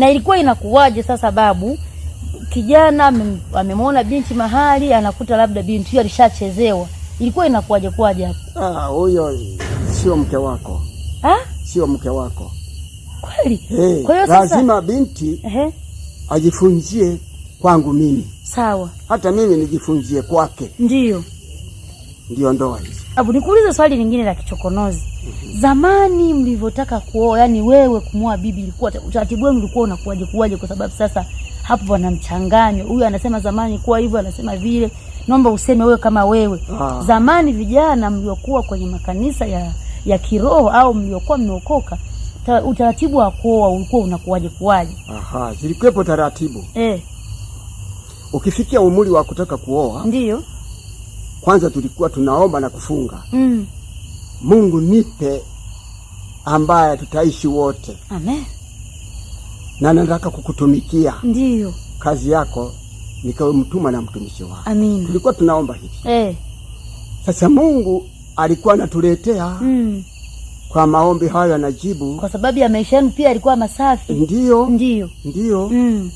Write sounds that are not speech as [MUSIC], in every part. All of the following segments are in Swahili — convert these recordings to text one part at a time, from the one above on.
na ilikuwa inakuwaje sasa babu? Kijana amemwona binti mahali, anakuta labda binti hiyo alishachezewa, ilikuwa inakuwaje kuwaje hapo? Ah, huyo sio mke wako ah Sio mke wako kweli? Hey, kwa hiyo sasa lazima binti ehe, ajifunzie kwangu mimi, sawa, hata mimi nijifunzie kwake, ndio. Ndio ndoa hizo. Abu, nikuulize swali lingine la kichokonozi. Zamani mlivyotaka kuoa, yani wewe kumwoa bibi, ilikuwa utaratibu wenu ulikuwa unakuwaje kuwaje? Kwa sababu sasa hapo wana mchanganyo, huyu anasema zamani kuwa hivyo, anasema vile. Naomba useme wewe kama wewe. ah. Zamani vijana mliokuwa kwenye makanisa ya ya kiroho au mliokuwa mmeokoka, utaratibu wa kuoa ulikuwa unakuwaje kuwaje? Aha, zilikuwepo taratibu eh. Ukifikia umri wa kutaka kuoa ndio kwanza tulikuwa tunaomba na kufunga mm. Mungu nipe ambaye tutaishi wote. Amen. Na nataka kukutumikia. Ndiyo. Kazi yako nikawe mtuma na mtumishi wako. Amina. Tulikuwa tunaomba hivi eh. Sasa Mungu alikuwa anatuletea mm. kwa maombi hayo anajibu, kwa sababu ya maisha yenu pia alikuwa masafi. Ndiyo, ndiyo, ndiyo mm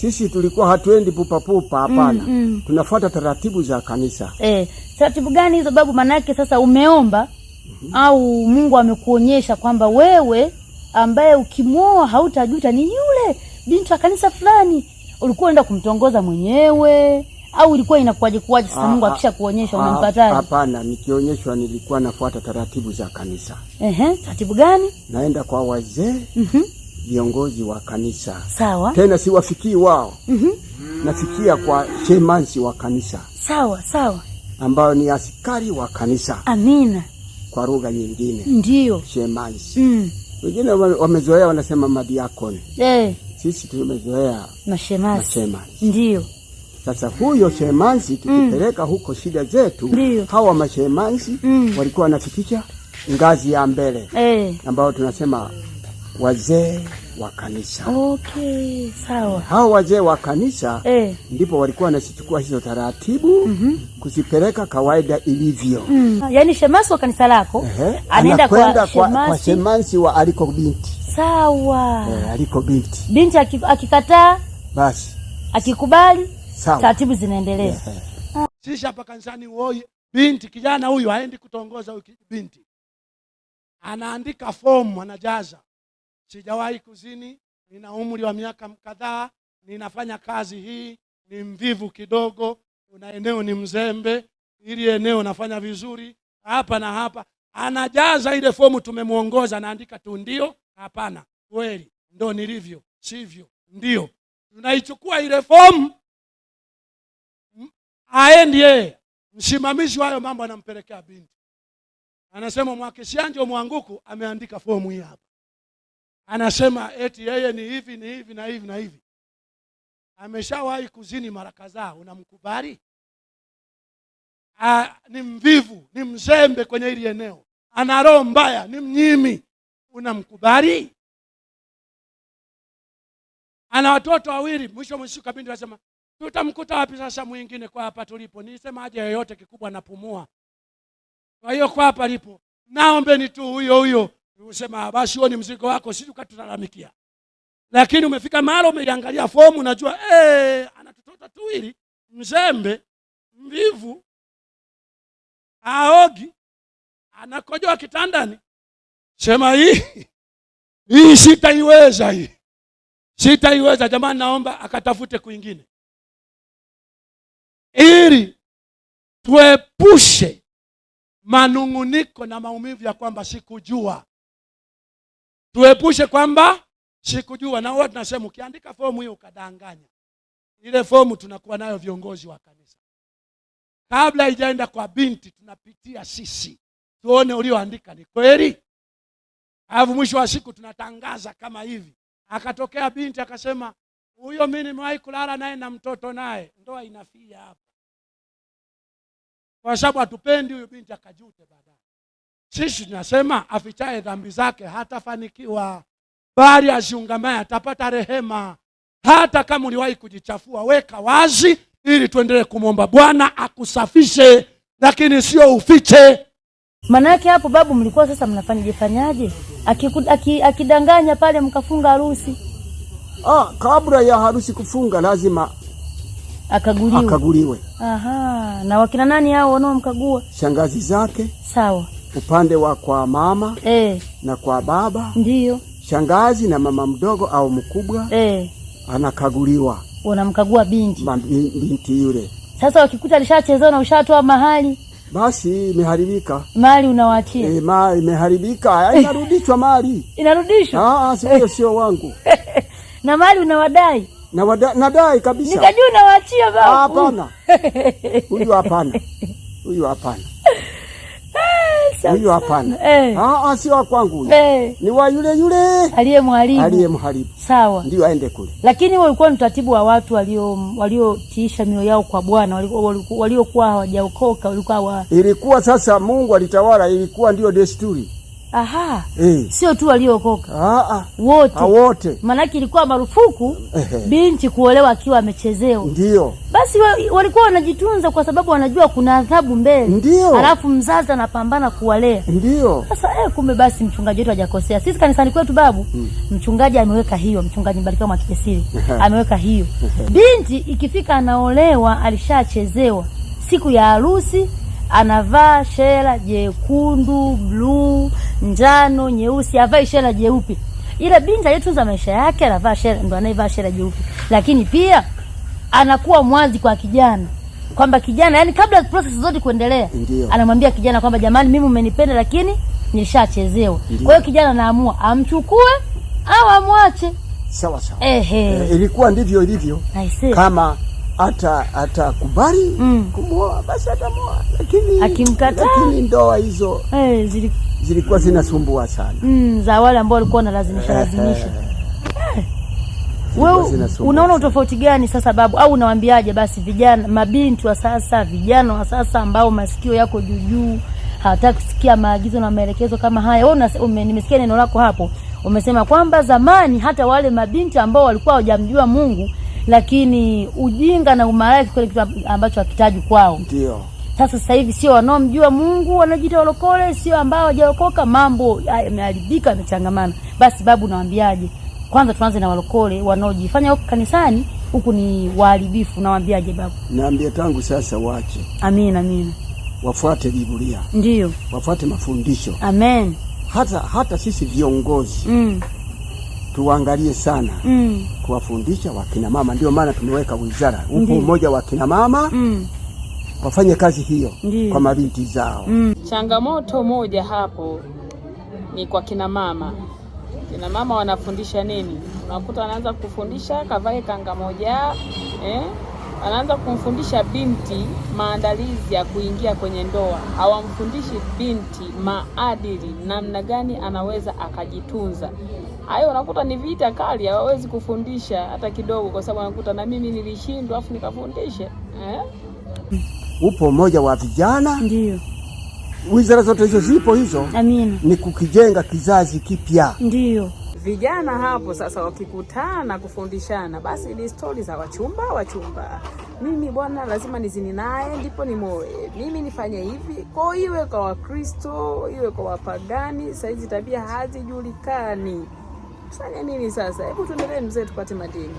sisi tulikuwa hatuendi pupa pupa, hapana. mm, mm. Tunafuata taratibu za kanisa. Eh, taratibu gani hizo babu? Maanake sasa umeomba mm -hmm. au Mungu amekuonyesha kwamba wewe ambaye ukimwoa hautajuta ni yule binti wa kanisa fulani, ulikuwa unaenda kumtongoza mwenyewe au ilikuwa inakuwaje kuwaje? Sasa ah, Mungu ah, akisha kuonyesha ah, unampataje? Hapana, nikionyeshwa nilikuwa nafuata taratibu za kanisa. Ehe, taratibu gani? Naenda kwa wazee mm -hmm viongozi wa kanisa. Sawa. Tena siwafikii wao. mm -hmm. Nafikia kwa shemasi wa kanisa. Sawa sawa, ambayo ni askari wa kanisa. Amina. Kwa lugha nyingine ndio shemasi mm. Wengine wamezoea wanasema madiakoni. Eh. Sisi tumezoea mashemasi. Ndio. Sasa huyo shemasi mm. tukipeleka mm. huko shida zetu. ndio. Hawa mashemansi mm. walikuwa wanafikisha ngazi ya mbele eh, ambayo tunasema wazee wa kanisa. Okay, sawa. Hao wazee wa kanisa eh, ndipo walikuwa wanasichukua hizo taratibu mm -hmm. kuzipeleka kawaida ilivyo mm. Yaani shemasi wa kanisa lako eh, anaenda kwa, shemasi. kwa shemasi wa aliko binti. Sawa. Eh, aliko binti. Binti akikataa basi, akikubali taratibu zinaendelea yeah. Ah. Sisi hapa kanisani woi, binti kijana huyu haendi kutongoza, huyu binti anaandika fomu anajaza sijawahi kuzini, nina umri wa miaka kadhaa, ninafanya kazi hii, ni mvivu kidogo, una eneo ni mzembe, ili eneo nafanya vizuri hapa na hapa. Anajaza ile fomu, tumemwongoza, anaandika tu ndio, hapana, kweli, ndo nilivyo, sivyo, ndio. Tunaichukua ile fomu, aendi yeye, msimamizi wa hayo mambo anampelekea binti, anasema Mwakishanjo Mwanguku ameandika fomu hii hapa anasema eti yeye ni hivi ni hivi na hivi na hivi. Ameshawahi kuzini mara kadhaa, unamkubali? ni mvivu, ni mzembe kwenye hili eneo, ana roho mbaya, ni mnyimi, unamkubali? Ana watoto wawili, mwisho mwisho kabindi anasema tutamkuta wapi sasa mwingine kwa hapa tulipo? Nisema aje yoyote, kikubwa napumua. Kwa hiyo kwa hapa lipo, naombeni tu huyo huyo usema basi huo ni mzigo wako, sisi ukatulalamikia. Lakini umefika mahali umeiangalia fomu, unajua eh, anatutota tuwili, mzembe, mvivu, aogi, anakojoa kitandani, sema hii hii sitaiweza, hii sitaiweza. Jamani, naomba akatafute kwingine ili tuepushe manung'uniko na maumivu ya kwamba sikujua tuepushe kwamba sikujua. Na huwa tunasema ukiandika fomu hiyo ukadanganya, ile fomu tunakuwa nayo viongozi wa kanisa, kabla ijaenda kwa binti tunapitia sisi tuone ulioandika ni kweli, alafu mwisho wa siku tunatangaza kama hivi. Akatokea binti akasema, huyo mi nimewahi kulala naye na mtoto naye, ndoa inafia hapa, kwa sababu hatupendi huyu binti akajute baadaye. Sisi tunasema afichaye dhambi zake hatafanikiwa, bali aziungamaye atapata rehema. Hata kama uliwahi kujichafua, weka wazi ili tuendelee kumwomba Bwana akusafishe, lakini sio ufiche. Maana yake hapo, babu, mlikuwa sasa mnafanyaje fanyaje? Akidanganya pale mkafunga harusi. Ah, kabla ya harusi kufunga lazima akaguliwe, akaguliwe. Aha, na wakina nani hao wanaomkagua? Shangazi zake, sawa upande wa kwa mama e, na kwa baba ndio shangazi na mama mdogo au mkubwa e, anakaguliwa, unamkagua binti binti yule. Sasa wakikuta alishachezea na ushatoa mahali, basi imeharibika mali, unawaachia e, mali imeharibika, [LAUGHS] inarudishwa mali inarudishwa, ah, ah, sio sio wangu [LAUGHS] na mali unawadai na wada, nadai kabisa, nikajua unawaachia. Hapana, [LAUGHS] huyu hapana, huyu hapana kabisa. Huyo hapana. Eh. Ah, ah, si wa kwangu. Eh. Ni wa yule yule aliyemharibu. Aliyemharibu. Sawa. Ndio aende kule. Lakini wewe ulikuwa mtatibu wa watu walio waliotiisha mioyo yao kwa Bwana, waliokuwa hawajaokoka, walikuwa wa Ilikuwa sasa Mungu alitawala, ilikuwa ndio desturi. Aha, e. Sio tu ah, ah. wote ah, wote, maanake ilikuwa marufuku binti kuolewa akiwa amechezewa. Ndio basi walikuwa wanajitunza kwa sababu wanajua kuna adhabu mbele. Ndio alafu mzazi anapambana kuwalea. Ndio sasa eh, kumbe basi mchungaji wetu hajakosea. Sisi kanisani kwetu babu hmm. mchungaji ameweka hiyo, mchungaji Mbarikiwa Mwakipesile ameweka hiyo, binti ikifika anaolewa alishachezewa, siku ya harusi anavaa shela jekundu bluu njano, nyeusi, avae shela jeupe. Ila binti aliyetunza maisha yake anavaa shela, ndo anayevaa shela jeupe, lakini pia anakuwa mwazi kwa kijana kwamba kijana, yani kabla process zote kuendelea, anamwambia kijana kwamba jamani, mimi umenipenda, lakini nilishachezewa. Kwa hiyo kijana anaamua amchukue au amwache. Sawa sawa, ehe, eh, ilikuwa ndivyo ilivyo. Kama hata atakubali mm, kumwoa basi atamoa, lakini akimkataa, lakini ndoa hizo eh zilikuwa zilikuwa zinasumbua sana mm, za wale ambao walikuwa wanalazimisha lazimisha. Wewe unaona utofauti gani sasa babu, au unawaambiaje basi vijana mabinti wa sasa, vijana wa sasa ambao masikio yako juu, hawataki kusikia maagizo na maelekezo kama haya? Wewe nimesikia neno lako hapo, umesema kwamba zamani hata wale mabinti ambao walikuwa hawajamjua Mungu, lakini ujinga na umalaya kile kitu ambacho hakitaji kwao, ndio sasa sasa hivi sio wanaomjua Mungu wanajiita walokole, sio ambao hawajaokoka. Mambo yameharibika, yamechangamana. Basi babu, nawaambiaje? Kwanza tuanze na walokole wanaojifanya huko kanisani huku ni waharibifu, nawaambiaje babu? Naambia tangu sasa waache. Amina, amina. Wafuate Biblia, ndio wafuate mafundisho. Amen. Hata hata sisi viongozi mm. tuangalie sana mm. kuwafundisha wakina mama, ndio maana tumeweka wizara huku, umoja wa kina mama mm wafanye kazi hiyo Ndiyo. kwa mabinti zao mm. Changamoto moja hapo ni kwa kina mama. Kina mama wanafundisha nini? Unakuta wanaanza kufundisha kavae kanga moja eh? Anaanza kumfundisha binti maandalizi ya kuingia kwenye ndoa, hawamfundishi binti maadili, namna gani anaweza akajitunza. Hayo unakuta ni vita kali, hawawezi kufundisha hata kidogo, kwa sababu anakuta na mimi nilishindwa afu nikafundisha eh? upo mmoja wa vijana, ndio wizara zote hizo zipo hizo. Amina, ni kukijenga kizazi kipya, ndio vijana hapo sasa wakikutana kufundishana, basi ni stori za wachumba wachumba, mimi bwana lazima nizini naye ndipo nimoe, mimi nifanye hivi ko, iwe kwa Wakristo iwe kwa wapagani, saizi tabia hazijulikani. fanye nini sasa? Hebu tuendelee mzee, tupate madini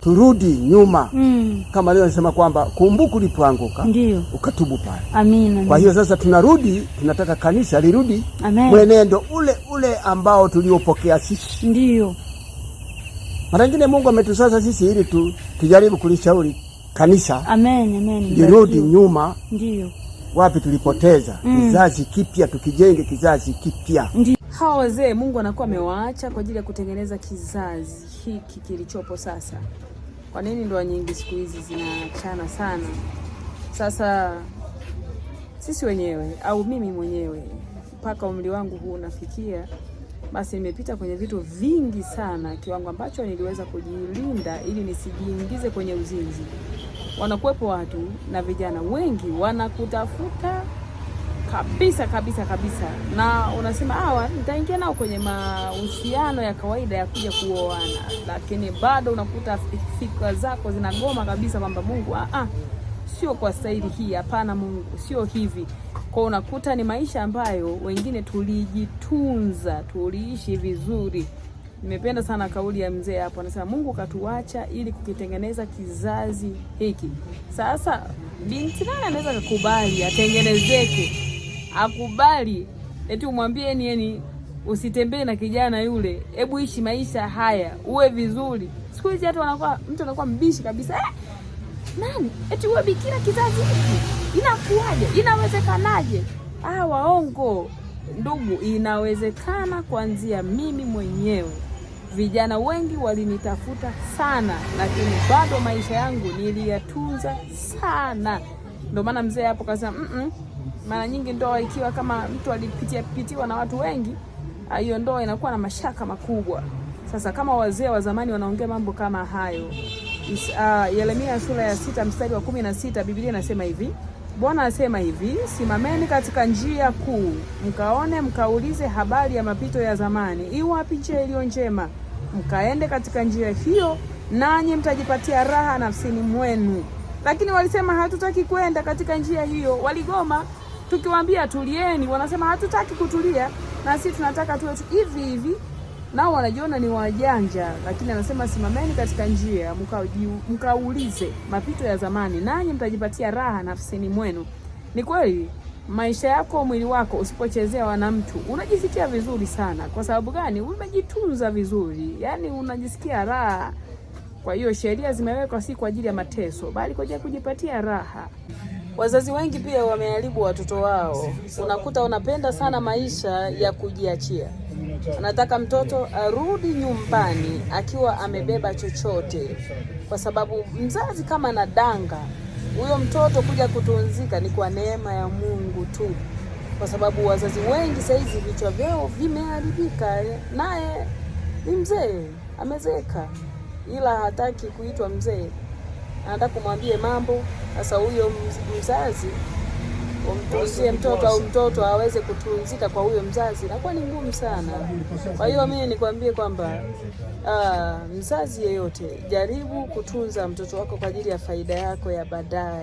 turudi nyuma mm. Kama leo nasema kwamba kumbuku ulipoanguka ukatubu pale. Amina. Kwa hiyo sasa tunarudi, tunataka kanisa lirudi mwenendo ule ule ambao tuliopokea sisi. Ndio mara nyingine Mungu ametusasa sisi ili tu, tujaribu kulishauri kanisa amen, amen. Lirudi nyuma. Ndio wapi tulipoteza mm. Kizazi kipya tukijenge kizazi kipya. Hawa wazee Mungu anakuwa amewaacha kwa ajili ya kutengeneza kizazi hiki kilichopo sasa. Kwa nini ndoa nyingi siku hizi zinaachana sana? Sasa sisi wenyewe au mimi mwenyewe mpaka umri wangu huu unafikia, basi nimepita kwenye vitu vingi sana, kiwango ambacho niliweza kujilinda ili nisijiingize kwenye uzinzi. Wanakuwepo watu na vijana wengi wanakutafuta kabisa kabisa kabisa, na unasema hawa ah, nitaingia nao kwenye mahusiano ya kawaida ya kuja kuoana, lakini bado unakuta fikra zako zinagoma kabisa kwamba Mungu, ah, ah, sio kwa staili hii, hapana Mungu, sio hivi. kwao. unakuta ni maisha ambayo wengine tulijitunza, tuliishi vizuri. Nimependa sana kauli ya mzee hapo, anasema Mungu katuacha ili kukitengeneza kizazi hiki. Sasa binti naye anaweza kukubali atengenezeke akubali eti umwambie ni yani usitembee na kijana yule, hebu ishi maisha haya, uwe vizuri. Siku hizi hata wanakuwa mtu anakuwa mbishi kabisa eh, nani eti uwe bikira kizazi hiki, inakuaje? Inawezekanaje? Ah, waongo ndugu, inawezekana. Kuanzia mimi mwenyewe, vijana wengi walinitafuta sana, lakini bado maisha yangu niliyatunza sana. Ndio maana mzee hapo kasema mm -mm. Mara nyingi ndoa ikiwa kama mtu alipitia pitiwa na watu wengi, ah, hiyo ndoa inakuwa na mashaka makubwa. Sasa kama wazee wa zamani wanaongea mambo kama hayo Is, uh, Yeremia sura ya sita mstari wa kumi na sita Biblia inasema hivi: Bwana asema hivi, simameni katika njia kuu, mkaone, mkaulize habari ya mapito ya zamani, iwapi njia iliyo njema, mkaende katika njia hiyo, nanyi mtajipatia raha nafsini mwenu. Lakini walisema hatutaki kwenda katika njia hiyo, waligoma tukiwaambia tulieni, wanasema hatutaki kutulia, na sisi tunataka tuwe hivi hivi. Nao wanajiona ni wajanja, lakini anasema simameni katika njia, mkaulize mapito ya zamani, nanyi mtajipatia raha nafsini mwenu. Ni kweli maisha yako, mwili wako usipochezewa na mtu unajisikia vizuri sana. Kwa sababu gani? Umejitunza vizuri, yani unajisikia raha. Kwa hiyo sheria zimewekwa si kwa ajili ya mateso, bali kwa ajili ya kujipatia raha. Wazazi wengi pia wameharibu watoto wao. Unakuta unapenda sana maisha ya kujiachia, anataka mtoto arudi nyumbani akiwa amebeba chochote, kwa sababu mzazi kama anadanga huyo mtoto kuja kutunzika ni kwa neema ya Mungu tu, kwa sababu wazazi wengi saizi vichwa vyao vimeharibika. Naye ni mzee, amezeeka, ila hataki kuitwa mzee anataka kumwambie mambo. Sasa huyo mzazi umtunzie mtoto au mtoto aweze kutunzika kwa huyo mzazi inakuwa ni ngumu sana. Kwa hiyo mimi nikwambie kwamba ah, mzazi yeyote jaribu kutunza mtoto wako kwa ajili ya faida yako ya baadaye.